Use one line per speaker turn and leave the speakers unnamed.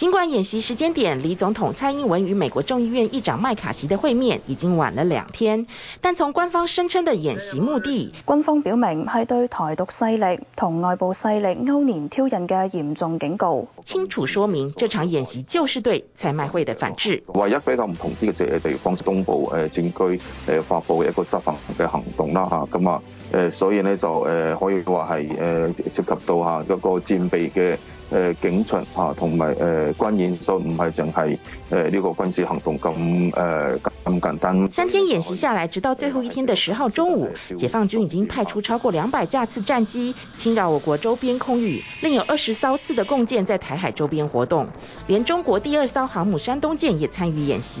儘管演習時間點，李總統蔡英文與美國眾議院議長麥卡西的會面已經晚了兩天，但從官方聲稱的演習目的，軍方表明係對台獨勢力同外部勢力勾連挑釁嘅嚴重警告，清楚說明這場演習就是對蔡麥會嘅反制。唯一比較唔同啲嘅地方，東部誒政區誒發布一個執行嘅行動啦嚇，咁啊誒、啊、所以呢就誒、啊、可以話係誒涉及到嚇一個戰備嘅。呃、警巡同埋誒軍演，所以唔係淨係誒呢個軍事行動
咁誒咁簡單。
三天演習下來，直到最後一天的十號中午，解放軍已經派出超過兩百架次戰機侵擾我國周邊空域，另有二十艘次的共艦在台海周邊活動，連中國第二艘航母山東艦也參與演習。